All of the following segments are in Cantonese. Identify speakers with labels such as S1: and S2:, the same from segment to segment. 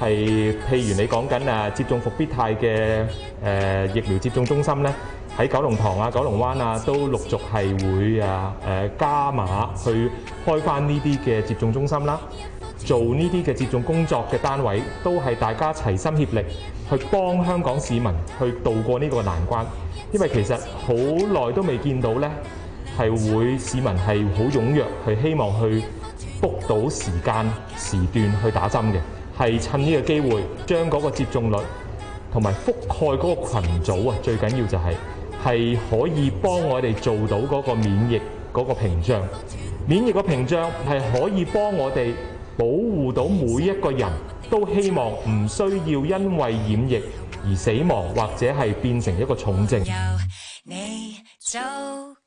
S1: 係，譬如你講緊誒接種復必泰嘅誒疫苗接種中心咧，喺九龍塘啊、九龍灣啊，都陸續係會啊誒加碼去開翻呢啲嘅接種中心啦。做呢啲嘅接種工作嘅單位，都係大家齊心協力去幫香港市民去渡過呢個難關。因為其實好耐都未見到咧，係會市民係好踴躍，係希望去 book 到時間時段去打針嘅。係趁呢個機會，將嗰個接種率同埋覆蓋嗰個群組啊，最緊要就係、是、係可以幫我哋做到嗰個免疫嗰、嗰個屏障。免疫個屏障係可以幫我哋保護到每一個人都希望唔需要因為染疫而死亡，或者係變成一個重症。你
S2: 做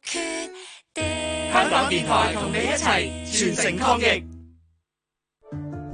S2: 決
S3: 定。香港電台同你一齊全城抗疫。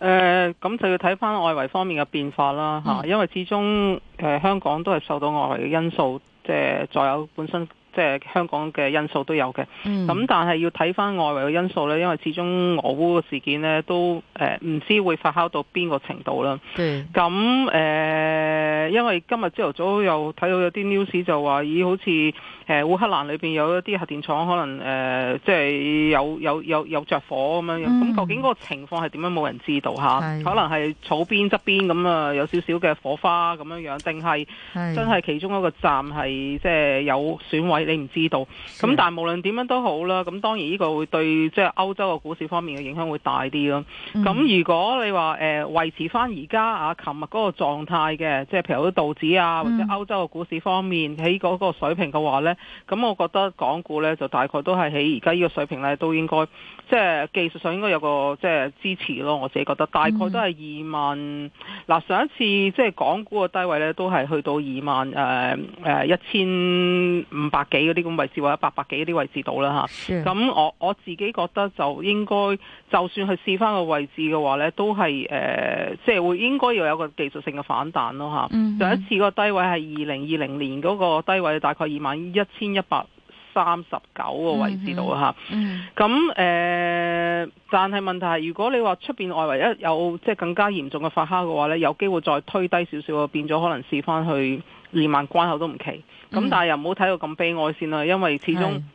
S4: 誒、呃、咁就要睇翻外圍方面嘅變化啦、嗯、因為始終誒、呃、香港都係受到外圍嘅因素，即係再有本身即係香港嘅因素都有嘅。咁、嗯、但係要睇翻外圍嘅因素呢，因為始終俄烏嘅事件呢都誒唔、呃、知會發酵到邊個程度啦。咁、嗯、誒、呃，因為今日朝頭早又睇到有啲 news 就話咦好似。誒、呃、烏克蘭裏邊有一啲核電廠可能誒、呃，即係有有有有著火咁樣。嗯、咁樣樣，咁究竟嗰個情況係點樣，冇人知道吓？可能係草邊側邊咁啊，有少少嘅火花咁樣樣，定係真係其中一個站係即係有損毀，你唔知道。咁但係無論點樣都好啦，咁當然呢個會對即係歐洲嘅股市方面嘅影響會大啲咯。咁、嗯、如果你話，誒、呃、維持翻而家啊，琴日嗰個狀態嘅，即係譬如啲道指啊，嗯、或者歐洲嘅股市方面喺嗰個水平嘅話咧。咁我覺得港股呢，就大概都係喺而家呢個水平呢，都應該即係技術上應該有個即係支持咯，我自己覺得大概都係二萬嗱、mm-hmm. 上一次即係港股個低位呢，都係去到二萬誒一千五百幾嗰啲咁位置或者八百幾啲位置到啦吓，咁、sure. 我我自己覺得就應該就算去試翻個位置嘅話呢，都係、呃、即係會應該要有個技術性嘅反彈咯吓
S2: ，mm-hmm.
S5: 上一
S4: 次個低位係二零二零年嗰個低位大概二萬一。一千一百三十九個位置度啊，吓，咁、mm-hmm. 誒、mm-hmm. 嗯，但係問題係，如果你話出邊外圍一有即係更加嚴重嘅發酵嘅話呢，有機會再推低少少啊，變咗可能試翻去二萬關口都唔奇。咁、mm-hmm. 但係又唔好睇到咁悲哀先啦，因為始終、mm-hmm.。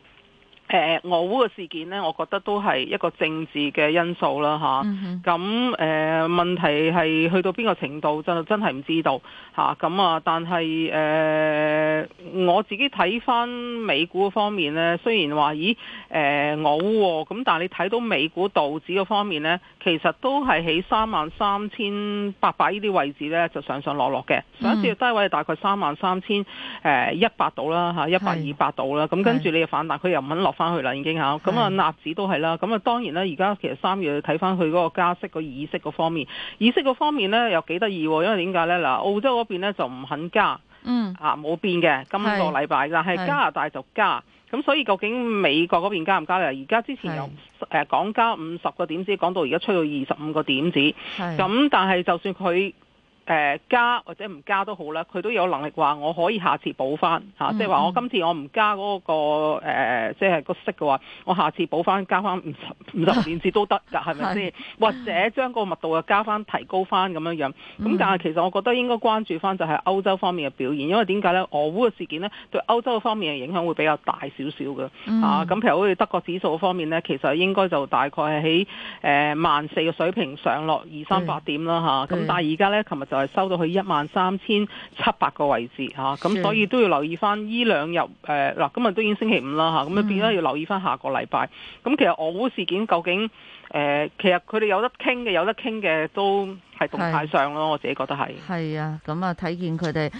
S4: 誒俄烏嘅事件呢，我覺得都係一個政治嘅因素啦，嚇、嗯。咁、啊、誒問題係去到邊個程度就真係唔知道嚇。咁啊，但係誒、呃、我自己睇翻美股嘅方面呢，雖然話咦誒俄烏喎，咁、呃哦、但係你睇到美股道指嘅方面呢，其實都係喺三萬三千八百呢啲位置呢，就上上落落嘅。上一次嘅低位大概三萬三千誒一百度啦，一百二百度啦。咁、嗯、跟住你反彈又反彈，佢又唔肯落。翻去啦，已經嚇，咁、嗯、啊納指都係啦，咁啊當然啦，而家其實三月睇翻佢嗰個加息個意識嗰方面，意識嗰方面咧又幾得意，因為點解咧嗱，澳洲嗰邊咧就唔肯加，嗯，啊冇變嘅，今個禮拜，但係加拿大就加，咁所以究竟美國嗰邊加唔加咧？而家之前由誒講加五十個點子，講到而家出到二十五個點子，係，咁但係就算佢。.誒、呃、加或者唔加都好啦，佢都有能力話我可以下次補翻即係話我今次我唔加嗰、那個即係、呃就是、個息嘅話，我下次補翻加翻五十五十年字都得㗎，係咪先？或者將個密度啊加翻提高翻咁樣樣，咁、啊嗯、但係其實我覺得應該關注翻就係歐洲方面嘅表現，因為點解咧？俄烏嘅事件呢，對歐洲方面嘅影響會比較大少少嘅嚇。咁、嗯、譬、啊、如好似德國指數方面呢，其實應該就大概係喺誒萬四嘅水平上落二、嗯、三百點啦咁、啊嗯嗯、但係而家咧，琴日就是。收到去一萬三千七百個位置吓，咁、啊、所以都要留意翻呢兩日誒。嗱、呃，今日都已經星期五啦吓，咁啊變咗要留意翻下個禮拜。咁、嗯、其實俄烏事件究竟誒、呃，其實佢哋有得傾嘅，有得傾嘅都。係動態上咯，我自己覺得係。係
S6: 啊，咁啊睇見佢哋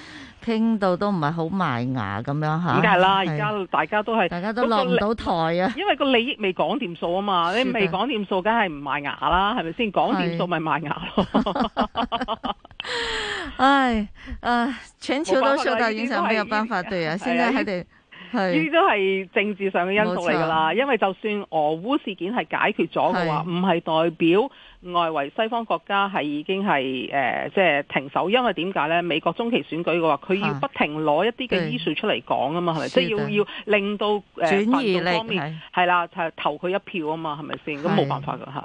S6: 傾到都唔係好賣牙咁樣吓。咁梗係啦，而家
S4: 大家都係大家都落唔到台啊。嗰因為嗰個利益未講掂數啊嘛，你未講掂數，梗係唔賣牙啦，係咪先？講掂數咪賣牙咯。唉 唉，全球都受到影響，沒， 沒有辦法對啊。先。在喺度呢啲都係政治上嘅因素嚟㗎啦。因為就算俄烏事件係解決咗嘅話，唔係代表。外圍西方國家係已經係誒，即、呃、係、就是、停手，因為點解咧？美國中期選舉嘅話，佢要不停攞一啲嘅醫術出嚟講啊嘛，係咪，即係要要令到誒，轉移嚟睇係啦，uh, 就是、投佢一票啊嘛，係咪先？咁冇辦法㗎
S6: 吓。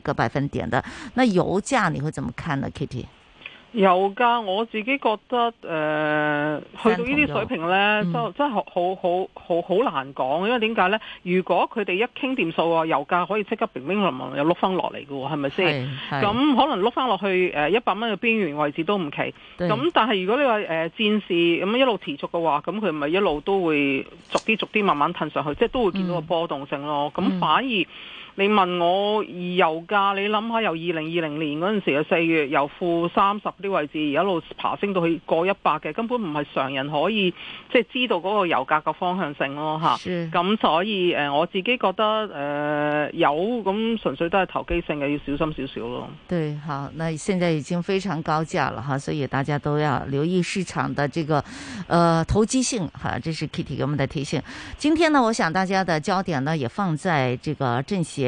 S6: 個百分點的，那油價你會怎麼看呢？Kitty，
S4: 油價我自己覺得，誒、呃，去到呢啲水平呢，都、嗯、真係好好好好難講，因為點解呢？如果佢哋一傾掂數啊，油價可以即刻平平穩穩又碌翻落嚟噶，係咪先？咁可能碌翻落去誒一百蚊嘅邊緣位置都唔奇。咁但係如果你話誒戰事咁一路持續嘅話，咁佢咪一路都會逐啲逐啲慢慢褪上去，即係都會見到個波動性咯。咁、嗯嗯、反而。你問我油價，你諗下由二零二零年嗰陣時嘅四月由負三十啲位置一路爬升到去過一百嘅，根本唔係常人可以即係知道嗰個油價嘅方向性咯嚇。咁所以誒，我自己覺得誒、呃、有咁純粹都係投機性嘅，要小心少少咯。
S6: 對，好，那現在已經非常高價了哈，所以大家都要留意市場的這個誒、呃、投機性哈。這是 Kitty 給我們的提醒。今天呢，我想大家的焦點呢也放在這個政協。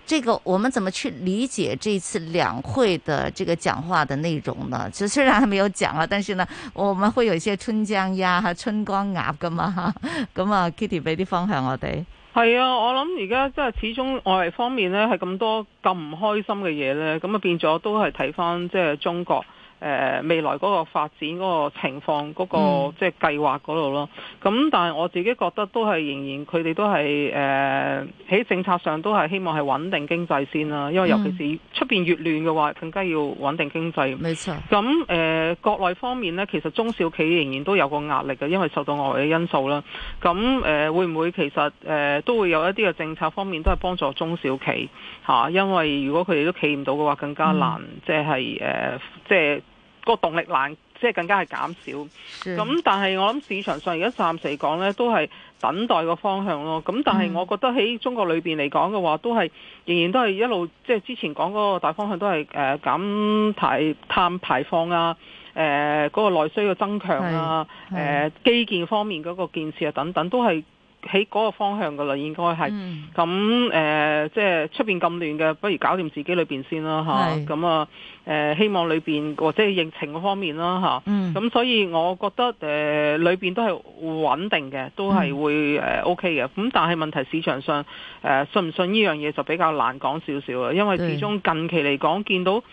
S6: 這個我們怎麼去理解這次兩會的這個講話的內容呢？就雖然佢沒有講啦，但是呢，我們會有一些春江鴨、春光鴨噶嘛，咁 啊，Kitty 俾啲方向我哋。
S4: 係啊，我諗而家即係始終外圍方面咧，係咁多咁唔開心嘅嘢咧，咁啊變咗都係睇返即係中國。誒、呃、未來嗰個發展嗰個情況嗰、那個、嗯、即係計劃嗰度咯，咁但係我自己覺得都係仍然佢哋都係誒喺政策上都係希望係穩定經濟先啦、啊，因為尤其是出邊越亂嘅話，更加要穩定經濟。咁、嗯、誒、呃、國內方面呢，其實中小企仍然都有個壓力嘅，因為受到外來嘅因素啦。咁誒、呃、會唔會其實誒、呃、都會有一啲嘅政策方面都係幫助中小企、啊、因為如果佢哋都企唔到嘅話，更加難、嗯、即係誒、呃、即係。那個動力難，即係更加係減少。咁但係我諗市場上而家暫時嚟講呢，都係等待個方向咯。咁但係我覺得喺中國裏面嚟講嘅話，都係仍然都係一路即係之前講嗰個大方向都係誒減排碳排放啊，誒嗰個內需嘅增強啊，誒基建方面嗰個建設啊等等都係。喺嗰個方向噶啦，應該係咁誒，即係出邊咁亂嘅，不如搞掂自己裏邊先啦吓，咁啊誒、呃，希望裏邊或者係疫情嗰方面啦吓，咁、啊嗯嗯、所以我覺得誒裏邊都係穩定嘅，都係會誒 OK 嘅。咁但係問題市場上誒、呃、信唔信呢樣嘢就比較難講少少啦，因為始終近期嚟講見到。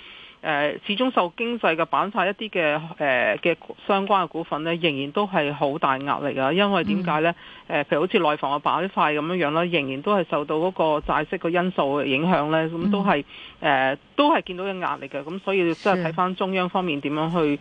S4: 誒始終受經濟嘅板塊一啲嘅誒嘅相關嘅股份咧，仍然都係好大壓力啊！因為點解咧？誒、嗯呃，譬如好似內房嘅板塊咁樣樣啦，仍然都係受到嗰個債息嘅因素影響咧，咁、嗯嗯、都係誒、呃、都係見到有壓力嘅。咁、嗯、所以真係睇翻中央方面點樣去。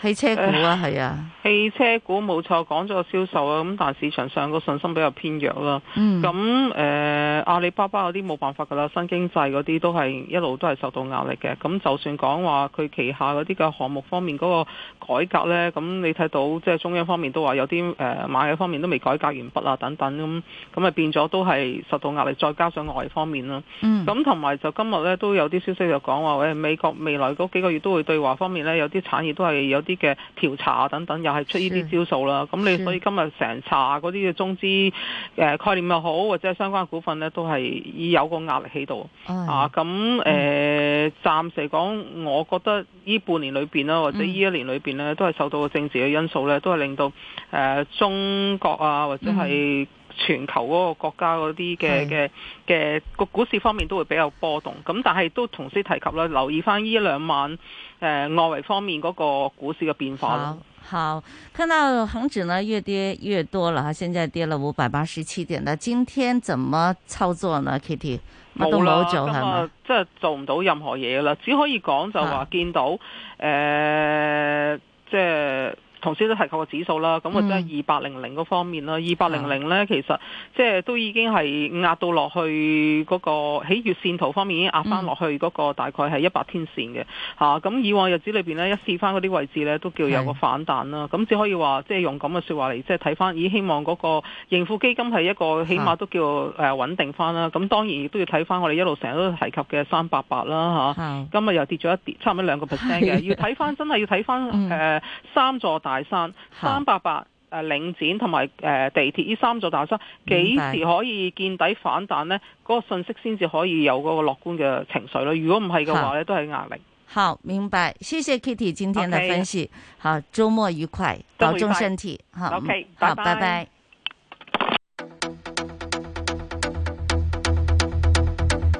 S6: 汽車
S4: 股啊，係啊，汽車股冇錯，講咗個銷售啊，咁但係市場上個信心比較偏弱啦。咁、嗯、誒、呃，阿里巴巴嗰啲冇辦法㗎啦，新經濟嗰啲都係一路都係受到壓力嘅。咁就算講話佢旗下嗰啲嘅項目方面嗰個改革呢，咁你睇到即係中央方面都話有啲誒、呃、買嘅方面都未改革完畢啊等等咁，咁咪變咗都係受到壓力，再加上外方面啦。咁同埋就今日呢都有啲消息就講話誒美國未來嗰幾個月都會對華方面呢有啲產業都係有啲嘅調查啊等等，又係出呢啲招數啦。咁你所以今日成查嗰啲嘅中資誒概念又好，或者係相關股份咧，都係有個壓力喺度、哎、啊。咁誒、嗯呃，暫時嚟講，我覺得呢半年裏邊啦，或者呢一年裏邊咧，都係受到政治嘅因素咧，都係令到誒、呃、中國啊，或者係。嗯全球嗰個國家嗰啲嘅嘅嘅個股市方面都會比較波動，咁但係都同時提及啦，留意翻呢兩晚誒、呃、外圍方面嗰個股市嘅變化咯。好，看到恒指呢越跌越
S6: 多了嚇，現在跌了五百八十七點。那今天怎麼操作呢？Kitty
S4: 冇啦，咁即係做唔到任何嘢啦，只可以講就話見到誒、呃，即係。頭先都提及個指數啦，咁或者二八零零嗰方面啦，二八零零咧其實即係都已經係壓到落去嗰、嗰個喺月線圖方面已經壓翻落去嗰個大概係一百天線嘅咁、嗯啊、以往日子裏面呢，一試翻嗰啲位置咧，都叫有個反彈啦。咁、啊、只可以即話即係用咁嘅說話嚟即係睇翻，咦？希望嗰個盈富基金係一個起碼都叫誒穩定翻啦。咁、啊、當然亦都要睇翻我哋一路成日都提及嘅三八八啦吓，今日、啊、又跌咗一跌，差唔多兩個 percent 嘅。 要睇翻真係要睇翻誒三座。大山、三八八、誒、呃、領展同埋誒地鐵呢三座大山，幾時可以見底反彈呢？嗰、嗰個信息先至可以有嗰個樂觀嘅情緒咯。如果唔係嘅話咧，都係壓力。
S6: 好，明白，謝謝 Kitty 今天嘅分析。Okay. 好，周末愉快，保重身體。好，OK，bye bye。好，拜拜。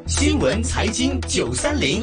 S7: 新聞財經九三零。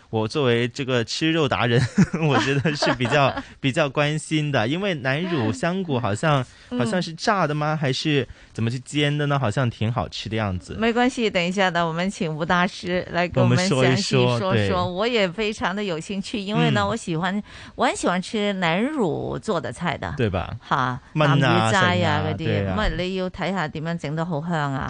S3: 我作為這個吃肉達人，我覺得是比較 比較關心的，因為南乳香骨好像、 嗯、好像是炸的嗎，還是怎麼去煎的呢？好像挺好吃的樣子。
S6: 沒關係，等一下的，我們請吳大師來給我們詳細說說。我們說一說，我也非常的有興趣，因為呢，嗯、我喜歡我很喜歡吃南乳做的菜的，對吧？哈，大魚仔呀，嗰啲，咁你要睇下點樣整得好香啊？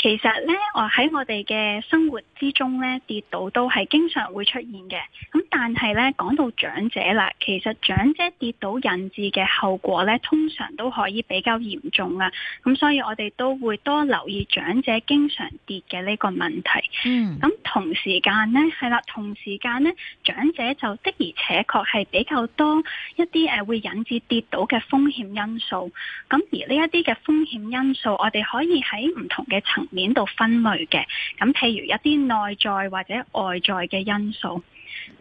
S8: 其實咧，在我喺我哋嘅生活之中咧，跌倒都係經常會出現嘅。咁但係咧，講到長者啦，其實長者跌倒引致嘅後果咧，通常都可以比較嚴重啦。咁所以我哋都會多留意長者經常跌嘅呢個問題。嗯。咁同時間咧，係啦，同時間咧，長者就的而且確係比較多一啲誒會引致跌倒嘅風險因素。咁而呢一啲嘅風險因素，我哋可以喺唔同嘅層面度分類嘅，咁譬如一啲內在或者外在嘅因素。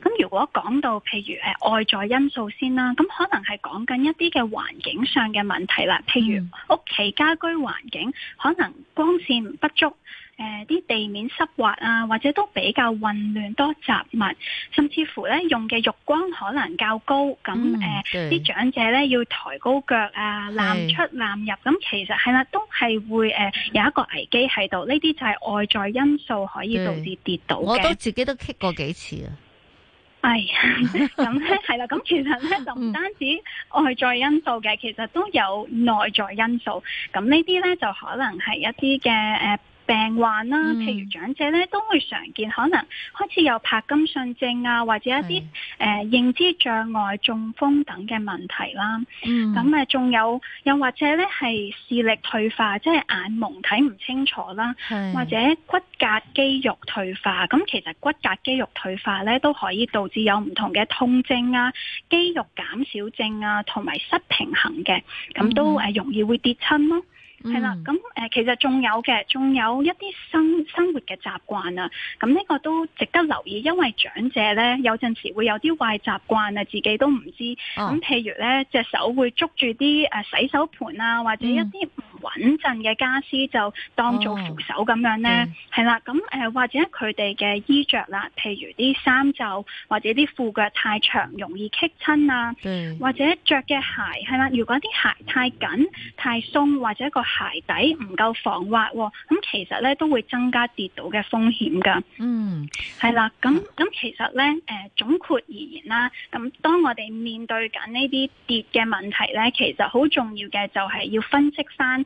S8: 咁如果講到譬如、呃、外在因素先啦，咁可能係講緊一啲嘅環境上嘅問題啦，譬如屋企家居環境可能光線不足。誒、呃，啲地面濕滑啊，或者都比較混亂，多雜物，甚至乎咧用嘅浴缸可能較高，咁、嗯、誒、啲、呃、長者咧要抬高腳啊，攬出攬入，咁、嗯、其實係啦，都係會誒有一個危機喺度。呢啲就係外在因素可以導致跌
S6: 倒嘅。我都自己都跌過幾次啊。
S8: 哎呀，咁咧係啦，咁、嗯、其實咧就唔單止外在因素嘅，其實都有內在因素。咁呢啲咧就可能係一啲嘅誒。呃病患啦，譬如長者咧、嗯、都會常見，可能開始有柏金遜症啊，或者一啲誒、呃、認知障礙、中風等嘅問題啦。咁誒仲有，又或者咧係視力退化，即係眼蒙睇唔清楚啦，或者骨骼肌肉退化。咁其實骨骼肌肉退化咧都可以導致有唔同嘅痛症啊、肌肉減少症啊，同埋失平衡嘅，咁都容易會跌親咯。嗯呃係、mm. 啦、嗯，咁、嗯、誒，其實仲有嘅，仲有一啲生生活嘅習慣啊，咁呢個都值得留意，因為長者咧有陣時會有啲壞習慣啊，自己都唔知，咁、oh. 譬如咧，隻手會捉住啲誒洗手盤啊，或者一啲、mm.。穩陣嘅家私就當做扶手咁樣呢，係、哦嗯、啦，咁、呃、誒或者佢哋嘅衣着啦，譬如啲衫袖，或者啲褲腳太長，容易棘親啊、嗯，或者着嘅鞋係啦，如果啲鞋太緊、太鬆，或者個鞋底唔夠防滑喎、啊，咁、呃、其實呢都會增加跌倒嘅風險噶。嗯，係啦，咁、呃、咁、嗯嗯、其實呢，誒、呃、總括而言啦，咁當我哋面對緊呢啲跌嘅問題呢，其實好重要嘅就係要分析翻。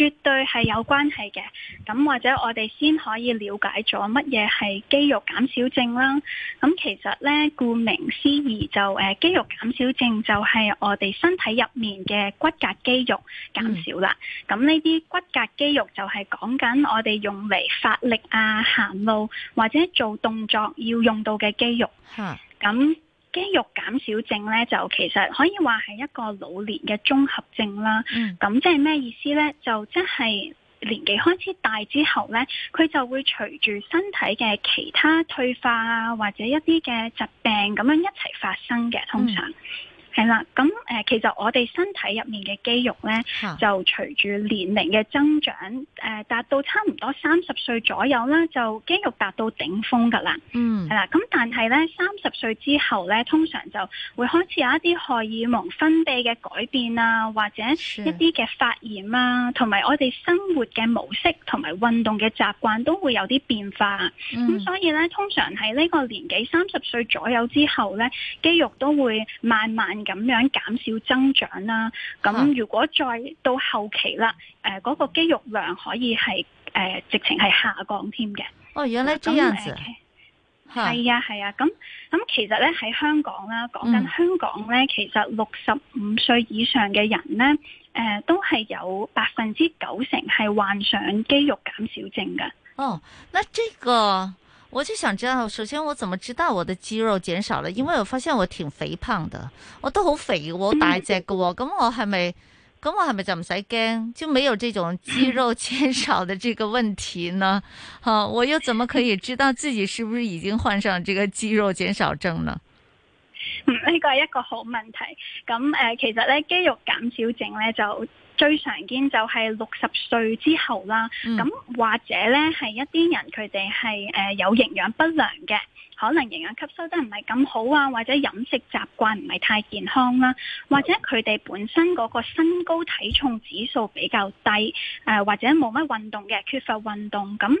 S8: 絕對係有關係嘅，咁或者我哋先可以了解咗乜嘢係肌肉減少症啦。咁其實呢，顧名思義就誒，肌肉減少症就係我哋身體入面嘅骨骼肌肉減少啦。咁呢啲骨骼肌肉就係講緊我哋用嚟發力啊、行路或者做動作要用到嘅肌肉。咁、huh。肌肉減少症咧，就其實可以話係一個老年嘅綜合症啦。嗯。咁即係咩意思咧？就即係年紀開始大之後咧，佢就會隨住身體嘅其他退化啊，或者一啲嘅疾病咁樣一齊發生嘅，通常。嗯係啦，咁誒，其實我哋身體入面嘅肌肉咧，就隨住年齡嘅增長，誒，達到差唔多三十歲左右啦，就肌肉達到頂峰噶啦。嗯，係啦，咁但係咧，三十歲之後咧，通常就會開始有一啲荷爾蒙分泌嘅改變啊，或者一啲嘅發炎啊，同埋我哋生活嘅模式同埋運動嘅習慣都會有啲變化。咁、嗯、所以咧，通常喺呢個年紀三十歲左右之後咧，肌肉都會慢慢。咁樣減少增長啦，咁如果再到後期啦，誒、啊、嗰、呃嗰個肌肉量可以係誒、呃、直情係下降添嘅。哦，原來咁樣子。係啊係啊，咁咁其實咧喺香港啦，講緊香港咧，其實六十五歲以上嘅人咧，誒、呃、都係有百分之九成係患上肌肉減少症噶。哦，那這個。我就想知道，首先我怎麼知道我的肌肉減少
S6: 了？因為我發現我挺肥胖的，我都好肥，我大隻嘅，咁 我係咪，咁我係咪就唔使驚？就沒有這種肌肉減少的這個問題呢，啊？我又怎麼可以知道自己是不是已經患上這個肌肉減少症呢？嗯，
S8: 呢，這個係一個好問題。咁誒、呃，其實咧肌肉減少症咧就。最常見就係六十歲之後啦，咁、嗯、或者咧係一啲人佢哋係誒有營養不良嘅。可能營養吸收得唔係咁好啊，或者飲食習慣唔係太健康啦，或者佢哋本身嗰個身高體重指數比較低，呃、或者冇乜運動嘅，缺乏運動咁、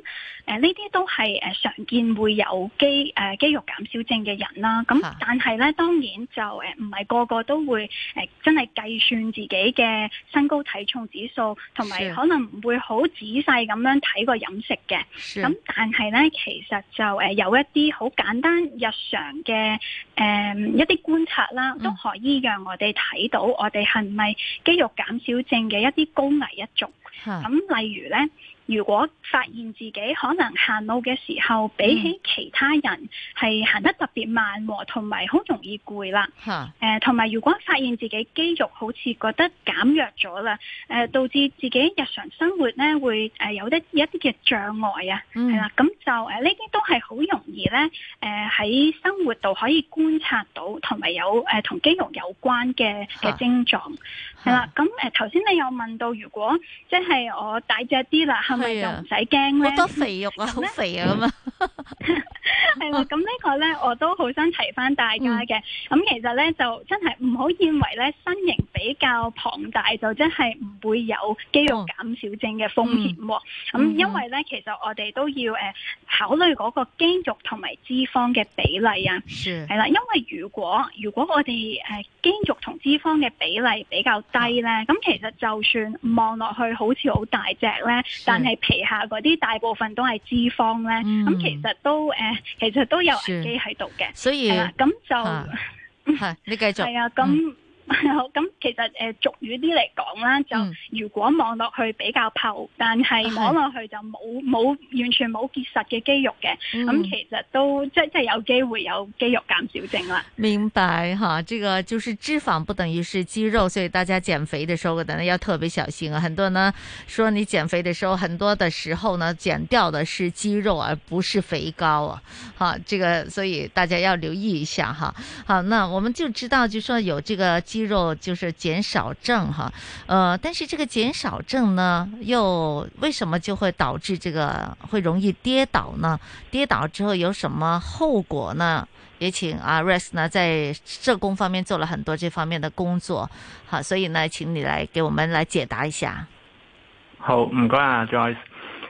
S8: 呃、呢啲都係常見會有肌、呃、肌肉減少症嘅人啦。咁但係咧，當然就唔係、呃、個個都會、呃、真係計算自己嘅身高體重指數，同埋可能唔會好仔細咁樣睇個飲食嘅。咁但係咧，其實就、呃、有一啲好簡簡單日常嘅誒、嗯、一啲觀察啦，都可以讓我哋睇到我哋係咪肌肉減少症嘅一啲高危一族。咁例如咧，如果發現自己可能行路嘅時候，比起其他人係、嗯、行得特別慢，同埋好容易攰啦。嚇、啊！誒、呃，同埋如果發現自己肌肉好似覺得減弱咗啦，誒、呃，導致自己日常生活咧會誒、呃、有得一啲嘅障礙啊，係、嗯、啦，咁就誒呢啲都係好容易咧，誒、呃、喺生活度可以觀察到，同埋有誒同、呃、肌肉有關嘅嘅症狀。啊啊。係啦，咁，誒、頭先你有問到，如果即係我大隻啲啦，係咪就唔使驚咧？好多、啊、肥肉啊，好、嗯、肥啊咁 啊！係咁呢個咧，我都好想提翻大家嘅。咁、嗯、其實咧，就真係唔好認為咧，身形比較龐大就真係唔會有肌肉減少症嘅風險、啊。咁、嗯嗯、因為咧、嗯，其實我哋都要誒考慮嗰個肌肉同埋脂肪嘅比例啊。係啦，因為如果如果我哋誒肌肉同脂肪嘅比例比較低、嗯、咧，咁其實就算望落去好似好大隻咧，但係皮下嗰啲大部分都係脂肪咧，咁、嗯、其實都誒、呃，其實都有危機喺度嘅。所以咁就係你繼續係啊，咁。 好咁、嗯嗯，其實誒、呃、俗語啲嚟講啦，就如果望落去比較透，但係望落去就冇冇完全冇結實嘅肌肉嘅，咁、嗯嗯、其實都即即係有機會有肌肉減少症啦。
S6: 明白吓，這個就是脂肪不等於是肌肉，所以大家減肥的時候，可能要特別小心啊。很多呢，說你減肥的時候，很多的時候呢，減掉的是肌肉而不是肥膏啊。哈，這個所以大家要留意一下哈。好，那我們就知道，就是說有這個肌。肌肉就是減少症哈，呃，但是這個減少症呢，又為什麼就會導致這個會容易跌倒呢？跌倒之後有什麼後果呢？也請阿 Res 呢在社工方面做了很多這方面的工作，好，啊，所以呢，請你來給我們來解答一下。
S9: 好，唔該啊 Joyce，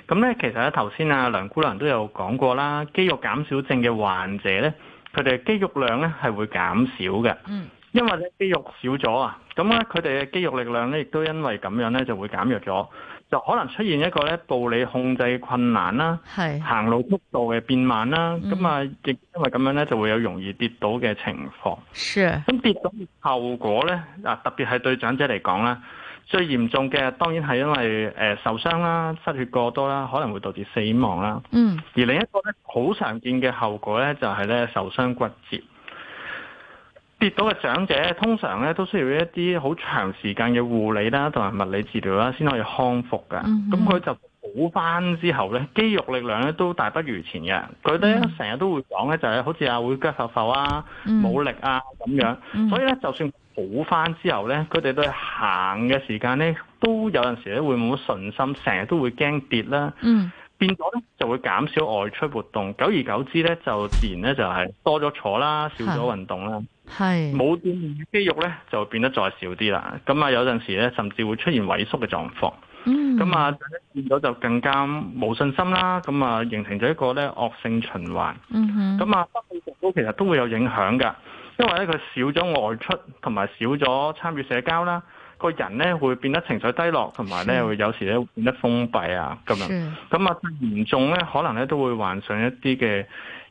S9: 咁咧，嗯、其實咧頭先啊梁姑娘都有講過啦，肌肉減少症嘅患者咧，佢哋肌肉量咧係會減少嘅。嗯。因為咧肌肉少咗啊，咁咧佢哋嘅肌肉力量咧，亦都因為咁樣咧就會減弱咗，就可能出現一個咧暴力控制困難啦，係行路速度嘅變慢啦，咁啊亦因為咁樣咧就會有容易跌倒嘅情況。是。咁跌倒嘅後果咧啊，特別係對長者嚟講啦，最嚴重嘅當然係因為誒受傷啦、失血過多啦，可能會導致死亡啦。
S2: 嗯。
S9: 而另一個咧好常見嘅後果咧就係咧受傷骨折。跌倒嘅長者通常咧都需要一啲好長時間嘅護理啦，同埋物理治療啦，先可以康復㗎。咁、Mm-hmm. 佢就補翻之後咧，肌肉力量咧都大不如前嘅。佢咧成日都會講咧、就是，就係好似阿會腳浮浮啊、冇力啊咁樣。Mm-hmm. 所以咧，就算補翻之後咧，佢哋都係行嘅時間咧都有陣時咧會冇信心，成日都會驚跌啦。Mm-hmm. 變咗咧就會減少外出活動，久而久之咧就自然咧就係多咗坐啦，少咗運動啦。Mm-hmm. 係冇鍛煉嘅肌肉咧，就會變得再少啲啦。咁啊，有陣時咧，甚至會出現萎縮嘅狀況。
S2: 嗯。咁啊，
S9: 變咗就更加冇信心啦。咁啊，形成咗一個咧惡性循環。咁啊，心理上都其實都會有影響㗎，因為咧佢少咗外出，同埋少咗參與社交啦，個人咧會變得情緒低落，同埋咧會有時咧會變得封閉啊咁樣。咁啊，嚴重咧，可能咧都會患上一啲嘅。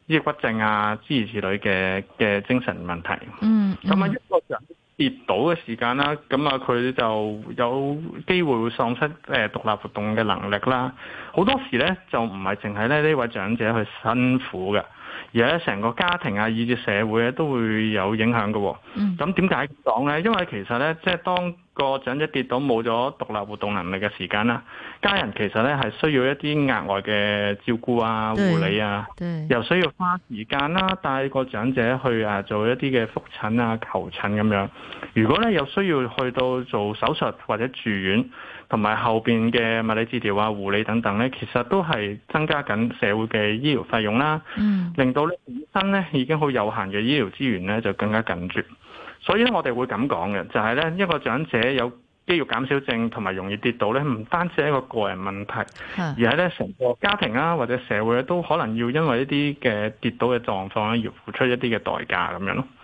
S9: 抑鬱症啊，諸如此類嘅嘅精神問題。嗯，咁、嗯、啊，一個人跌倒嘅時間啦，咁啊，佢就有機會會喪失誒獨立活動嘅能力啦。好多時咧，就唔係淨係咧呢位長者去辛苦嘅。而喺成個家庭啊，以至社會咧，都會有影響嘅。
S2: 咁
S9: 點解講呢？因為其實呢，即係當個長者跌倒冇咗獨立活動能力嘅時間啦，家人其實呢係需要一啲額外嘅照顧啊、護理啊，又需要花時間啦，帶個長者去啊做一啲嘅覆診啊、求診咁樣。如果呢，又需要去到做手術或者住院。同埋後邊嘅物理治療啊、護理等等咧，其實都係增加緊社會嘅醫療費用啦、嗯，令到咧本身咧已經好有限嘅醫療資源咧就更加緊絀。所以咧，我哋會咁講嘅，就係咧一個長者有肌肉減少症同埋容易跌倒咧，唔單止係一個個人問題，而係咧成個家庭啊或者社會都可能要因為一啲嘅跌倒嘅狀況咧，要付出一啲嘅代價咁樣咯。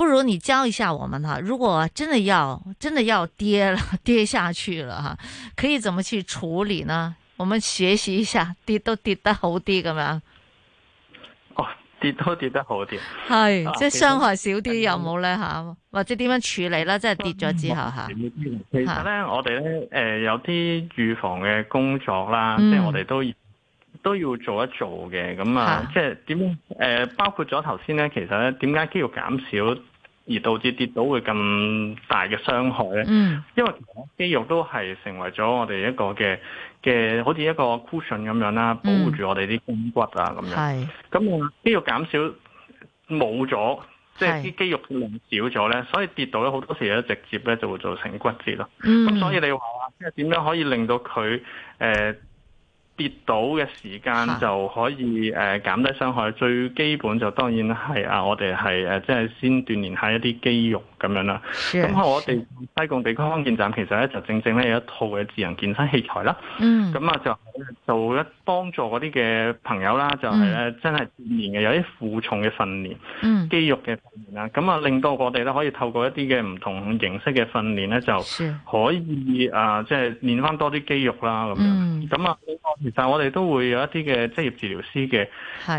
S6: 不如你教一下我們啦，如果真的要真的要跌了跌下去了哈，可以怎麼去處理呢？我們學習一下，跌都跌得好啲咁樣。
S9: 哦，跌都跌得好啲。係，即係傷害
S6: 少啲有冇咧吓，或者點樣處理啦？即係跌咗之後吓、啊嗯啊。其實咧，
S9: 我哋咧誒有啲預防嘅工作啦，即係我哋都。都要做一做嘅，咁啊，啊，即係點？誒、呃，包括咗頭先咧，其實咧，點解肌肉減少而導致跌倒會咁大嘅傷害咧、嗯？因為肌肉都係成為咗我哋一個嘅嘅，好似一個 cushion 咁樣啦，保護住我哋啲胸骨啊咁，嗯、樣。咁肌肉減少冇咗，即係啲肌肉量少咗咧，所以跌倒咧好多時咧直接咧就會造成骨折咯。咁，嗯、所以你話話即係點樣可以令到佢誒？呃跌倒嘅時間就可以誒、呃、減低傷害，最基本就當然係啊，我哋係誒即係先鍛鍊一下一啲肌肉。咁樣啦，咁我哋西貢地區康健站其實咧就正正咧有一套嘅智能健身器材啦。嗯。咁啊就，就做一幫助嗰啲嘅朋友啦，就係、是、咧、嗯、真係鍛鍊嘅，有啲負重嘅訓練，嗯，肌肉嘅訓練啦。咁啊令到我哋咧可以透過一啲嘅唔同形式嘅訓練咧就可以啊，即係、呃就是、練翻多啲肌肉啦咁樣。咁、嗯、啊，其實我哋都會有一啲嘅職業治療師嘅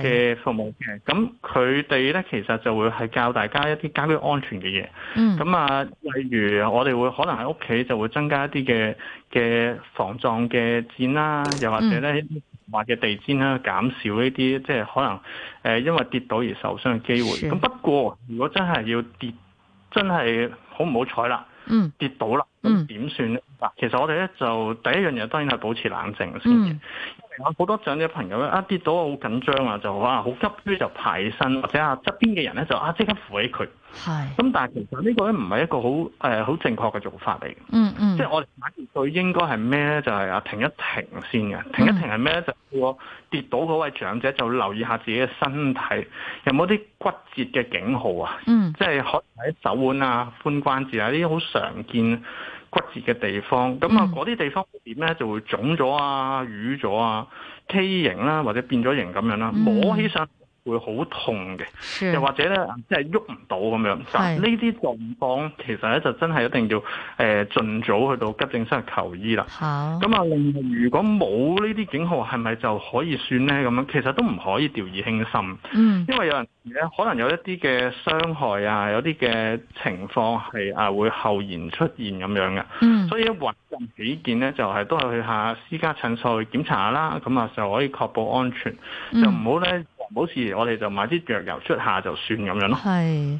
S9: 嘅服務嘅。咁佢哋咧其實就會係教大家一啲家居安全嘅嘢。咁、嗯、啊，例如我哋會可能喺屋企就會增加一啲嘅嘅防撞嘅墊啦，又或者咧滑嘅地氈啦，減少呢啲即係可能誒因為跌倒而受傷嘅機會，咁不過如果真係要跌，真係好唔好彩啦，嗯，跌倒啦。點算咧？嗱，其實我哋咧就第一樣嘢當然係保持冷靜先嘅。好、嗯、多長者朋友咧一跌到好緊張啊，就哇好急，於是就排身或者旁邊啊側邊嘅人咧就啊即刻扶起佢。咁但係其實呢個咧唔係一個好誒好正確嘅做法嚟嘅。嗯嗯。即係我哋反對應該係咩咧？就係、是、啊停一停先嘅。停一停係咩咧？就叫我跌到嗰位長者就留意下自己嘅身體有冇啲骨折嘅警號啊。嗯。即係可能喺手腕啊、髖關節啊呢啲好常見。骨折嘅地方，咁啊嗰啲地方點咧就會腫咗啊、瘀咗啊、畸形啦，或者變咗形咁樣啦，摸起上會好痛嘅、嗯，又或者咧即係喐唔到咁樣。但呢啲狀況其實咧就真係一定要誒、呃、盡早去到急症室求醫啦。咁啊，如果冇呢啲警號，係咪就可以算咧咁樣？其實都唔可以掉以輕心，嗯、因為有人。而咧可能有一啲嘅傷害啊，有啲嘅情況係啊會後延出現咁樣嘅、嗯，所以謹慎起見咧就係、是、都係去下私家診所去檢查下啦，咁啊就可以確保安全，嗯、就唔好咧冇事我哋就買啲藥油捽下就算咁樣
S6: 咯。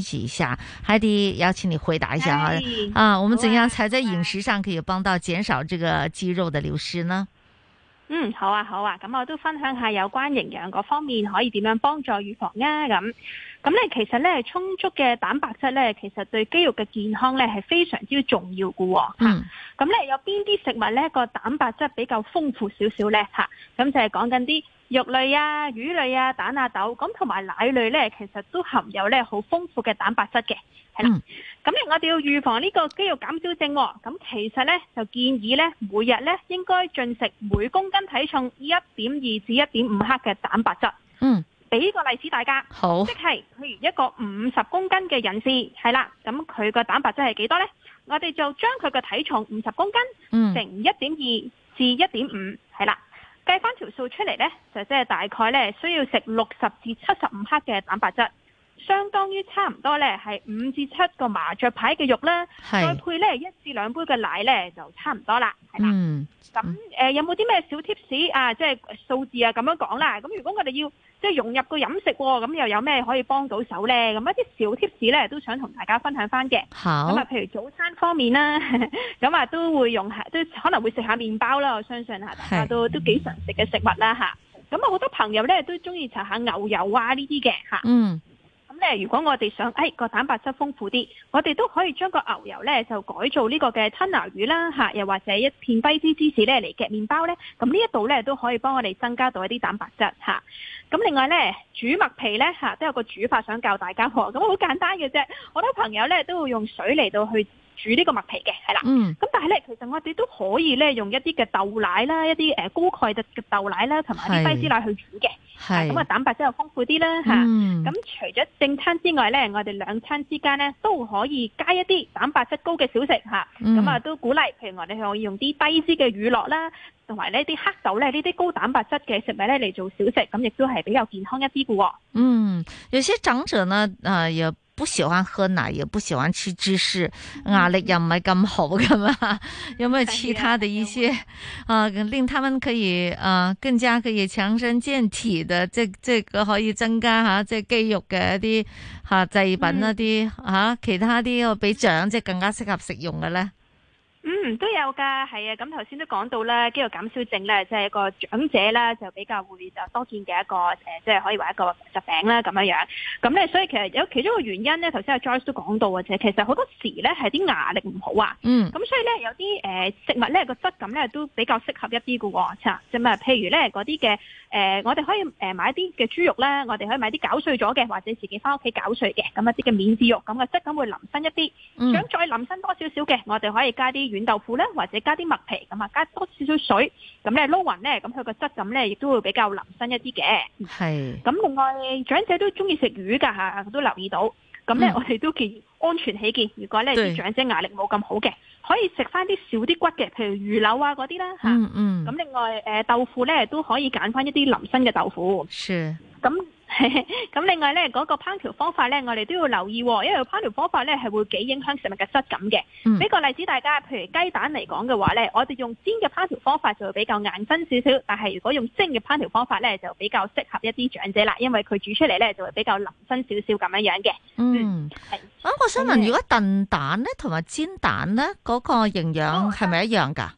S6: 一起一下，海迪邀請你回答一下哈，啊、啊，我們怎樣才在飲食上可以幫到減少這個肌肉的流失呢？
S10: 嗯，好啊，好啊，咁我都分享下有關營養嗰方面可以點樣幫助預防啊。咁，咁咧其實咧充足嘅蛋白質咧，其實對肌肉嘅健康咧係非常之重要噶、哦。嗯、咁、啊、咧有邊啲食物咧個蛋白質比較豐富少少咧？吓、啊，咁就係講緊啲。肉類啊、魚類啊、蛋啊、豆咁同埋奶類呢，其實都含有呢好豐富嘅蛋白質嘅，係啦。咁、嗯、我哋要預防呢個肌肉減少症，啊，咁其實呢，就建議呢每日呢應該進食每公斤體重一點二至一點五克嘅蛋白質。嗯。俾個例子大家。好。即係，譬如一個五十公斤嘅人士，係啦，咁佢個蛋白質係幾多呢？我哋就將佢個體重五十公斤，嗯，乘一點二至一點五，係啦。計翻條數出嚟咧，就即係大概咧需要食六十至七十五克嘅蛋白質。相當於差唔多咧，係五至七個麻雀牌嘅肉咧，再配咧一至兩杯嘅奶咧，就差唔多啦，係嘛？咁、嗯、誒、呃、有冇啲咩小 tips 啊？即係數字啊咁樣講啦。咁如果我哋要即係融入個飲食喎，咁又有咩可以幫到手咧？咁一啲小 tips 咧，都想同大家分享翻嘅。咁啊，譬如早餐方面啦，咁 啊都會用下，都可能會食下麵包啦。我相信嚇大家都都幾常食嘅食物啦吓，咁啊，好多朋友咧都中意搽下牛油啊呢啲嘅嚇。嗯。如果我哋想，誒、哎、個蛋白質豐富啲，我哋都可以將個牛油呢就改做呢個嘅吞拿魚啦，吓、啊，又或者一片低脂芝士呢嚟夾麵包呢。咁呢一度呢都可以幫我哋增加到一啲蛋白質，吓、啊。咁另外呢，煮麥皮呢吓、啊，都有個煮法想教大家，咁、哦、好簡單嘅啫。好多朋友呢都會用水嚟到去。煮呢個麥皮嘅係啦，咁、嗯、但係咧，其實我哋都可以咧用一啲嘅豆奶啦，一啲誒高鈣嘅豆奶啦，同埋啲低脂奶去煮嘅，咁啊蛋白質又豐富啲啦吓。咁、嗯啊、除咗正餐之外咧，我哋兩餐之間咧都可以加一啲蛋白質高嘅小食吓。咁啊，啊都鼓勵，譬如我哋可以用啲低脂嘅乳酪啦，同埋呢啲黑豆咧呢啲高蛋白質嘅食物咧嚟做小食，咁亦都係比較健康一啲噶喎。嗯，
S6: 有些長者呢啊不喜歡喝奶，也不喜歡吃芝士，壓力又唔係咁好 有沒有其他的一些 啊，令他們可以啊更加可以強身健體的，即、這個可以增加吓即肌肉嘅、啊、一啲吓製品一啲吓其他啲俾長者更加適合食用嘅咧？
S10: 嗯，都有㗎，係啊，咁頭先都講到咧，肌肉減少症咧，即係個長者咧就比較會就多見嘅一個誒，即係可以話一個疾病啦咁樣樣。咁咧，所以其實有其中一個原因咧，頭先阿 Joyce 都講到嘅啫。其實好多時咧係啲牙力唔好啊。嗯。咁所以咧有啲誒食物咧個質感咧都比較適合一啲嘅喎，即係即咪？譬如咧嗰啲嘅。誒、呃，我哋可以誒買一啲嘅豬肉呢，我哋可以買啲攪碎咗嘅，或者自己翻屋企攪碎嘅，咁一啲嘅免治肉咁嘅質感會腍身一啲。嗯。想再腍身多少少嘅，我哋可以加啲軟豆腐呢，或者加啲麥皮咁啊，加多少少水，咁咧撈勻咧，咁佢個質感咧亦都會比較腍身一啲嘅。係。咁另外長者都中意食魚噶吓，啊，都留意到。咁、嗯、咧，我哋都建議安全起見，如果咧啲長者牙力冇咁好嘅，可以食翻啲少啲骨嘅，譬如魚柳啊嗰啲啦，嗯咁、嗯、另外，呃、豆腐咧都可以揀翻一啲腍身嘅豆腐。咁。咁 另外呢，嗰、那個烹調方法呢，我哋都要留意，因為烹調方法呢係會幾影響食物嘅質感嘅。俾、嗯、個例子大家，譬如雞蛋嚟講嘅話呢，我哋用煎嘅烹調方法就會比較硬身少少，但係如果用蒸嘅烹調方法呢，就比較適合一啲長者啦，因為佢煮出嚟呢就會比較腍身少少咁樣樣嘅。
S6: 嗯，我諗、嗯啊、我想問，如果燉蛋呢同埋煎蛋呢，嗰個營養係咪一樣㗎？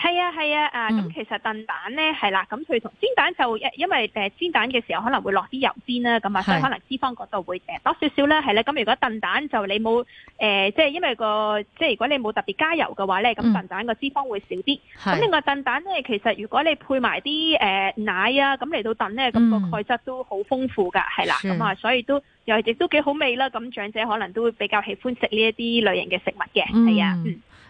S10: 係啊，係啊，啊咁、嗯、其實燉蛋咧係啦，咁佢同煎蛋就因因為煎蛋嘅時候可能會落啲油煎啦，咁啊所以可能脂肪嗰度會誒多少少啦，係啦、啊。咁如果燉蛋就你冇誒、呃，即係因為個即係如果你冇特別加油嘅話咧，咁、嗯、燉蛋個脂肪會少啲。咁另外燉蛋咧，其實如果你配埋啲、呃、奶啊，咁嚟到燉咧，咁個、嗯、鈣質都好豐富㗎，係啦、啊，咁啊所以都又亦都幾好味啦。咁長者可能都會比較喜歡食呢一啲類型嘅食物嘅，係、
S6: 嗯、啊。嗯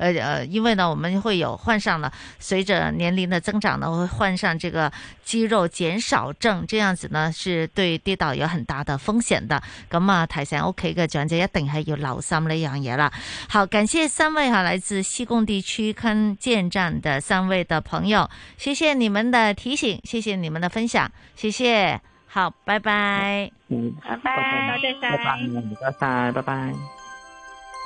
S6: 呃呃，因為呢，我們會有患上了，隨着年齡的增長呢，會患上這個肌肉減少症，這樣子呢，是對跌倒有很大的風險的。咁啊，提醒屋企嘅長者一定係要留心呢樣嘢啦。好，感謝三位哈，來自西貢地區康健站的三位的朋友，謝謝你們的提醒，謝謝你們的分享，謝謝，好，拜拜，拜
S11: 拜，再見，
S9: 拜拜，拜拜。拜拜拜拜。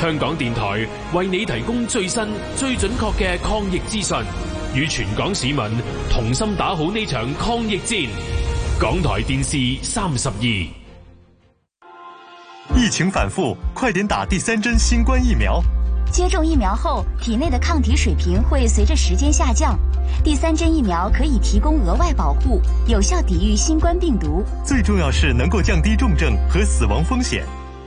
S1: 香港電台為你提供最新、最準確嘅抗疫資訊，與全港市民同心打好呢場抗疫戰。港台電視三十二，疫情反覆，快點打第三針新冠疫苗。
S12: 接種疫苗後，體內的抗體水平會隨着時間下降，
S13: 第三針疫苗可以提供額外保護，有效抵禦新冠病毒。
S1: 最重要是能夠降低重症和死亡風險。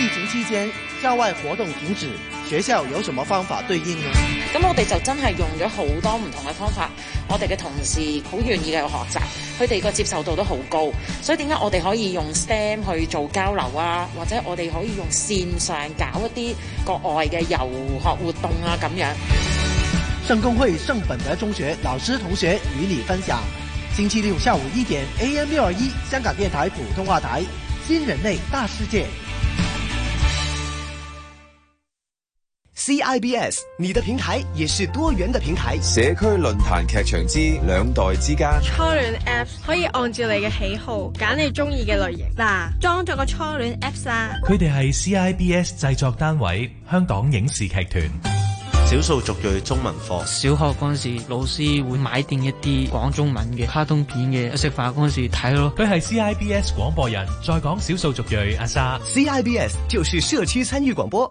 S14: 疫情期間，校
S4: 外活動停止，學校有什麼方法對應呢？咁我哋就真係用咗好多唔同嘅方法。我哋嘅同事好願意嘅學習，佢哋個接受度都好高。所以點解我哋可以用 STEM 去做交流啊？或者我哋可以用線上搞一啲國外嘅遊學活動啊？咁樣。
S14: 聖公會聖本德中學老師同學與你分享。星期六下午一點，AM 六二一，AM621，香港電台普通話台，《新人類大世界》。CIBS 你的片體，亦是多元嘅片體。社區論壇劇場之兩代之間，初
S13: 戀 Apps 可以按照你嘅喜好揀你中意嘅類型。嗱、啊，裝咗個初戀 Apps 啦、啊。
S14: 佢哋係 CIBS 製作單位香港影視劇團。少數族裔中文課，小學嗰陣時老師會買定一啲講中文嘅卡通片嘅，食飯嗰陣時睇咯。佢係 CIBS 廣播人，再講少數族裔阿莎。CIBS 就是社區參與廣播。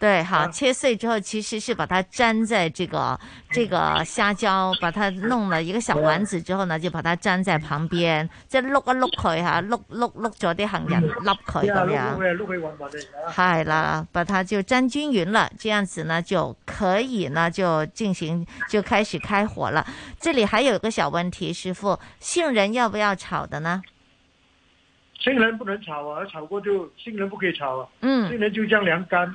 S6: 對，好，切碎之後，其實是把它粘在這個、啊、這個蝦膠，把它弄了一個小丸子之後呢，就把它粘在旁邊，再碌、啊、一碌佢哈，碌碌碌咗啲杏仁粒佢咁樣。
S15: 嗨、啊
S6: 哎、啦，把它就粘均勻了，這樣子呢，就可以呢，就進行，就開始開火了。這裏還有一個小問題，師傅，杏仁要不要炒的呢？
S15: 杏仁不能炒啊，炒過就杏仁不可以炒啊。嗯。杏仁就這樣涼乾。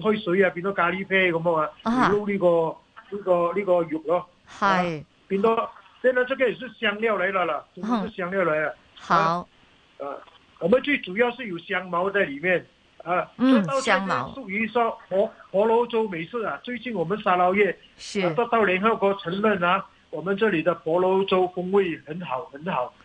S15: 開水啊，變咗咖喱啡咁啊，去、uh-huh. 呢、這個呢、這個呢、這個肉咯、啊，係、uh-huh. 變、啊、多，即係攞出幾條香料嚟啦嗱，幾條香料嚟、uh-huh. 啊，好啊，啊，我們最主要是有香茅在裏面，啊，嗯、香茅，香茅屬於說荷荷蘭州美食啊，最近我們沙撈越、啊、到到聯合國承認啊，我們這裏的婆羅洲風味很好很好。